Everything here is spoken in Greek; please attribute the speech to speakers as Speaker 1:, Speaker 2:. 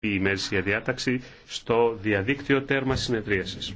Speaker 1: η ημέρησια διάταξη στο διαδίκτυο τέρμα συνεδρίασης.